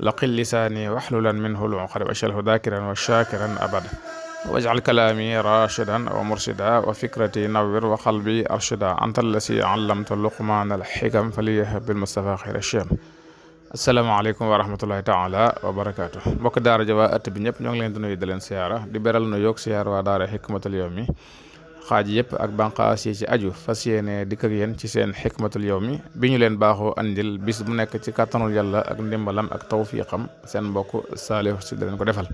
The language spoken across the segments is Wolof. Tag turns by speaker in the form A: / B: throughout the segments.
A: laqil lisaani waxlulan minhu lmuqarib achalhu dakiran wa shakiran abada wajcal kalaami rashidan wa mursida wa fikrati nawir wa qalbi arshida anta allasi allamta luqmaan alxikam faliyah bilmustafa xayr acham asalaamaaleykum wa rahmatullahi taala wa barakaatu mbokk daara ja waa ëtt bi ñëpp ñoo ngi leen di nuyu di leen siyaara di beral nu yoog siyaar waa daara xikmatul yawmi xaaj yëpp ak banqaas yi ci aju fas yéene dikk ak yéen ci seen xikmatul mi bi ñu leen baaxoo andil bis bu nekk ci kàttanul yàlla ak ndimbalam ak tawfiqam seen mbokk Saliou si da ko defal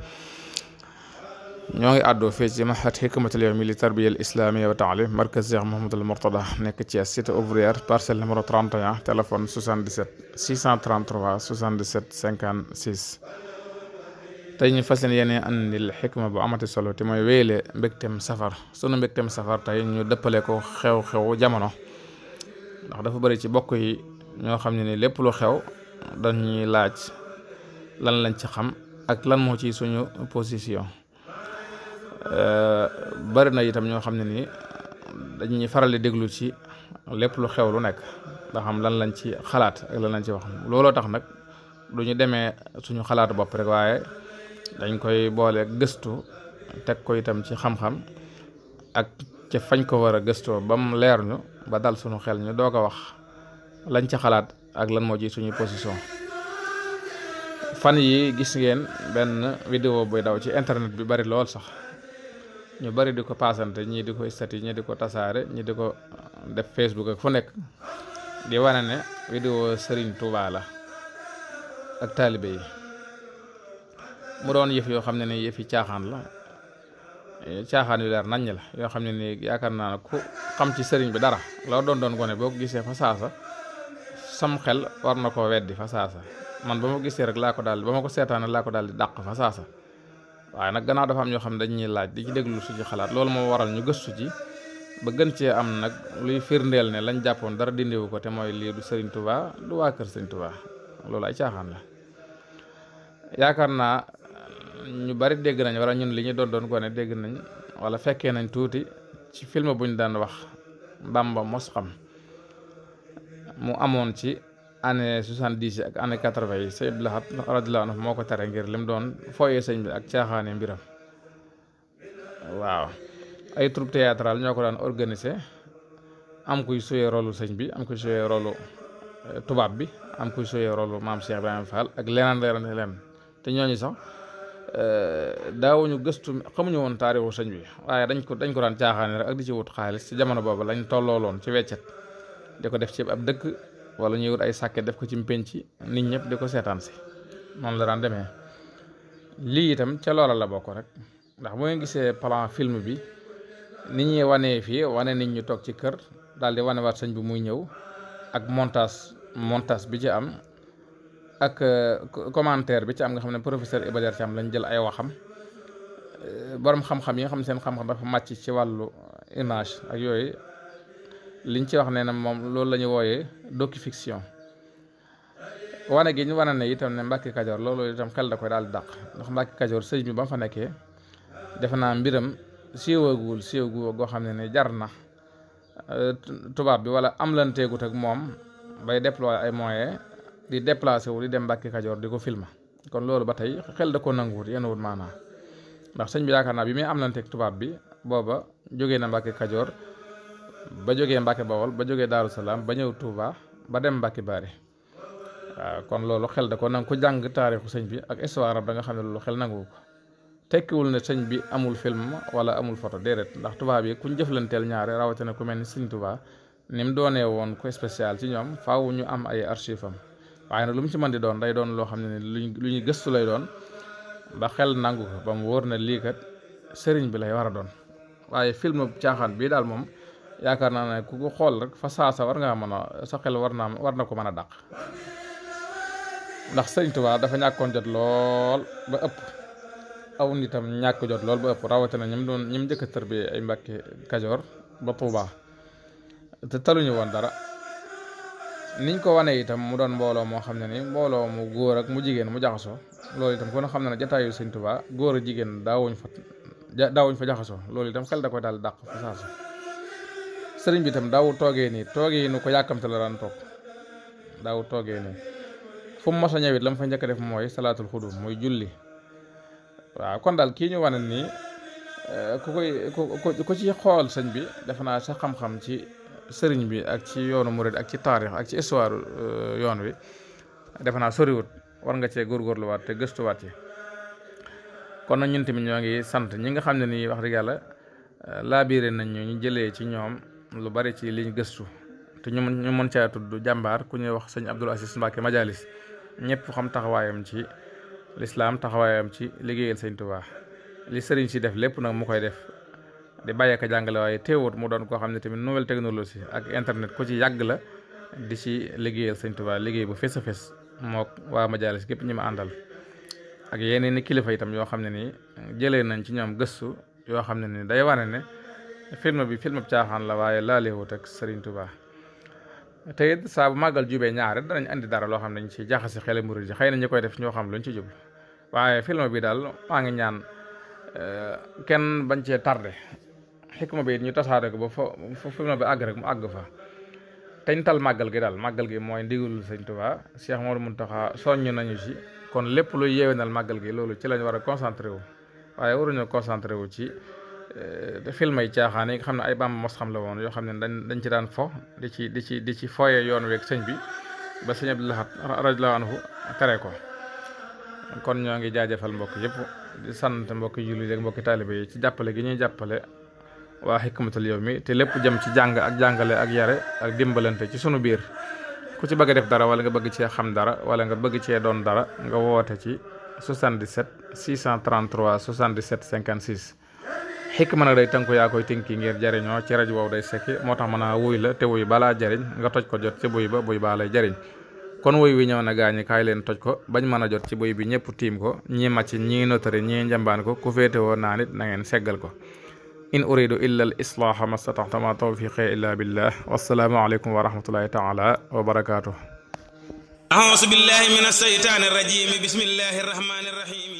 A: ñoo ngi àddoo fii ci maxat xikmatul yawmi li tarbiya al islamia wa taalim markaz Cheikh Mouhamadul Mourtada nekk ci cité ouvrière parcelle numéro 31 téléphone 77 tey ñu fas yéene andil xikma bu amati solo te mooy wéyale mbégteem safar sunu mbégteem safar tey ñu dëppale ko xew-xew jamono ndax dafa bari ci bokk yi ñoo xam ne nii lépp lu xew dañuy laaj lan lañ ci xam ak lan moo ci suñu position bari na itam ñoo xam ne ni dañuy faral di déglu ci lépp lu xew lu nekk ndax xam lan lañ ci xalaat ak lan lañ ci wax looloo tax nag du ñu demee suñu xalaat bopp rek waaye. dañ koy boole gëstu teg ko itam ci xam-xam ak ca fañ ko war a gëstoo ba mu leer ñu ba dal sunu xel ñu doo ko wax lañ ci xalaat ak lan moo ji suñu position fan yi gis ngeen benn vidéo buy daw ci internet bi bari lool sax ñu bari di ko paasante ñii di ko istati ñii di ko tasaare ñii di ko def Facebook ak fu nekk di wane ne vidéo Serigne Touba la ak taalibe yi mu doon yëf yoo xam ne ni yëfi caaxaan la eh, caaxaan yu leer naññ la yoo xam ne nii yaakaar naa ne ku xam ci sëriñ bi dara loo doon doon gone boo ko gisee fa saasa sam xel war na ko weddi fa saasa man ba ma gisee rek laa ko daal ba ma ko seetaane laa ko daal di dàq fa saasa waaye nag gannaaw dafa am ñoo xam ne dañuy laaj di ci déglu suñu xalaat loolu moo waral ñu gëstu ci ba gën cee am nag luy firndeel ne lañ jàppoon dara dindiwu ko te mooy lii du Serigne Touba du waa kër Serigne loolu ay caaxaan ñu bari dégg nañ wala ñun li ñu doon doon gone dégg nañ wala fekkee nañ tuuti ci film bu ñu daan wax Bamba mos xam mu amoon ci année soixante-dix yi ak année quatre-vingt yi Sëñ Abdou Lahad radiyallaahu anhu moo ko tere ngir mu doon fooyee sëñ bi ak caaxaane mbiram waaw ay troupe théâtrale ñoo ko daan organiser am kuy suyee rolu sëñ bi am kuy suyee rolu eh, tubaab bi am kuy suyee rolu maam Cheikh Ibrahima Fall ak leneen leneen te ñooñu sax daawuñu gëstu xamuñu woon taarixu sañ bi waaye dañ ko dañ ko daan caaxaane rek ak di ci wut xaalis ci jamono boobu lañ tollooloon ci weccet di ko def ci ab dëkk wala ñuy wut ay sàkket def ko ci mpenc nit ñëpp di ko seetaan si noonu la daan demee lii itam ca loola la bokk rek ndax bu gisee plan film bi nit ñi wanee fii wane nit ñu toog ci kër daal di wanewaat sañ bi muy ñëw ak montage montage bi ci am ak euh, commentaire bi ci am nga xam ne professeur Iba Der Thiam lañ jël ay waxam euh, borom xam-xam yi nga xam seen xam-xam dafa màcc ci wàllu image ak yooyu liñ ci wax nee na moom loolu la ñu wooyee docufiction wane gi ñu wane ne itam ne Mbàkke Kajoor loolu itam xel da koy daal di dàq ndax Kajoor sëñ bi ba fa nekkee defe naa mbiram siiwaguwul siiwagu goo xam ne ne jar na euh, tubaab bi wala am lanteegut ak moom bay déployer ay moyens di déplacé wu di dem Mbàkke Kajoor di ko filma kon loolu ba tey xel da ko nanguwut yenn wut maana ndax sëñ bi yaakaar naa bi muy am lanteeg tubaab bi booba jóge na Mbàkke Kajoor ba jóge Mbàkke Bawol ba jóge Daaru Salaam ba ñëw Touba ba dem Mbàkke Bari kon loolu xel da ko nangu ku jàng taarixu sëñ bi ak histoire am nga xam ne loolu xel nanguwu ko tekkiwul ne sëñ bi amul film wala amul photo déedéet ndax tubaab yi kuñ jëflanteel ñaare rawatina ku mel ni sëñ Touba ni mu doonee ko spécial ci ñoom faaw ñu am ay archive waaye nag lu mu ci man di doon day doon loo xam ne luñ lu ñu gëstu lay doon ba xel nangu ko ba mu wóor na lii sëriñ bi lay war a doon waaye film caaxaan bii daal moom yaakaar naa ne ku ko xool rek fa saasa war ngaa mën a sa xel war naa war na ko mën a dàq ndax sëriñ Tuubaa dafa ñàkkoon jot lool ba ëpp aw nitam ñàkk jot lool ba ëpp rawatina ñi mu doon ñi mu njëkk a tër bi ay Mbàkke Kajoor ba Tuubaa te taluñu woon dara niñ ko wane itam mu doon mbooloo moo xam ne ni mbooloo mu góor ak mu jigéen mu jaxasoo loolu itam kon xam na ne jataayu Sëñ Tuubaa góor a jigéen daawuñ fa daawuñ fa jaxasoo loolu itam xel da daal dàq bi itam daawu toogee nii toogee yi ko yàkkamte la daan toog daawu toogee nii fu mu mos a ñëwit la mu fa njëkk def mooy salaatul xudum muy julli waaw kon daal kii ñu wane nii eh, ku koy ku ci xool sëñ bi defe naa sa xam-xam ci sëriñ bi ak ci yoonu murid ak ci taarix ak ci histoire euh, yoon wi defe naa soriwut war nga cee góorgóorluwaat te gëstuwaat yi kon nag ñun tamit ñoo ngi sant ñi nga xam ne nii wax dëgg yàlla euh, laabiire nañ ñu jëlee ci ñoom lu bari ci liñ gëstu te ñu mën ñu mën caa tudd jàmbaar ku ñuy wax sëñ Abdul Aziz Mbacke Majalis ñëpp xam taxawaayam ci lislaam taxawaayam ci liggéeyal sëñ Tuubaa li sëriñ si def lépp nag mu koy def. di bàyyeeka jàngale waaye teewut mu doon koo xam ne tamit nouvelle technologie ak internet ku ci yàgg la di ci liggéeyal Sëñ Tuubaa liggéey bu fés a fés mook waa majaalis gépp ñi ma àndal ak yeneen i kilifa itam yoo xam ne nii jëlee nañ ci ñoom gëstu yoo xam ne nii day wane ne film bi film caaxaan la waaye laaleewut ak Sëriñ tubaa te it saa bu màggal jubee ñaare danañ indi dara loo xam ne dañ ci jaxase xele murid ji xay na ñu koy def ñoo xam luñ ci jublu waaye film bi daal maa ngi ñaan eh, kenn bañ cee tardé xikma bi it ñu tasaare ko ba fa fa film bi àgg rek mu àgg fa teñtal màggal gi daal màggal gi mooy ndigalul sëñ Tuubaa Cheikh Mor Muntaxa soññ nañu ci kon lépp luy yeewenal màggal gi loolu ci lañ war a concentré wu waaye waruñu concentré wu ci eh, film yi caaxaan yi nga xam ne ay Bamba mos xam la woon yoo xam ne dañ dañ ci daan fo di ci di ci di ci foye yoon weeg sëñ bi ba sëñ Abdou Lahad radiyallaahu anhu tere ko kon ñoo ngi jaajëfal mbokk yëpp di sant mbokki jullit ak mbokki taalibe yi ci jàppale waa xikmatul mi te lépp jëm ci jàng ak jàngale ak yare ak dimbalante ci sunu biir ku ci bëgg def dara wala nga bëgg cee xam dara wala nga bëgg cee doon dara nga woote ci 77 633 77 56 xikma nag day tënku yaa koy tënki ngir jariñoo ci rajo wow day sekki moo tax mën a wuy la te wuy balaa jariñ nga toj ko jot ci buy ba buy baa lay jariñ kon wuy wi ñëw na gaañi kaay leen toj ko bañ mën a jot ci buy bi ñëpp tiim ko ñii màcc ñii notari ñii njambaan ko ku naa nit na ngeen ko in uridu illa al islaaha mastataxtama tawfiqe illa billah wassalaamu aleykum wa rahmatullahi taala wa barakatuh ausu billahi min alsheytaani arrajim bismillahi arrahmani arrahim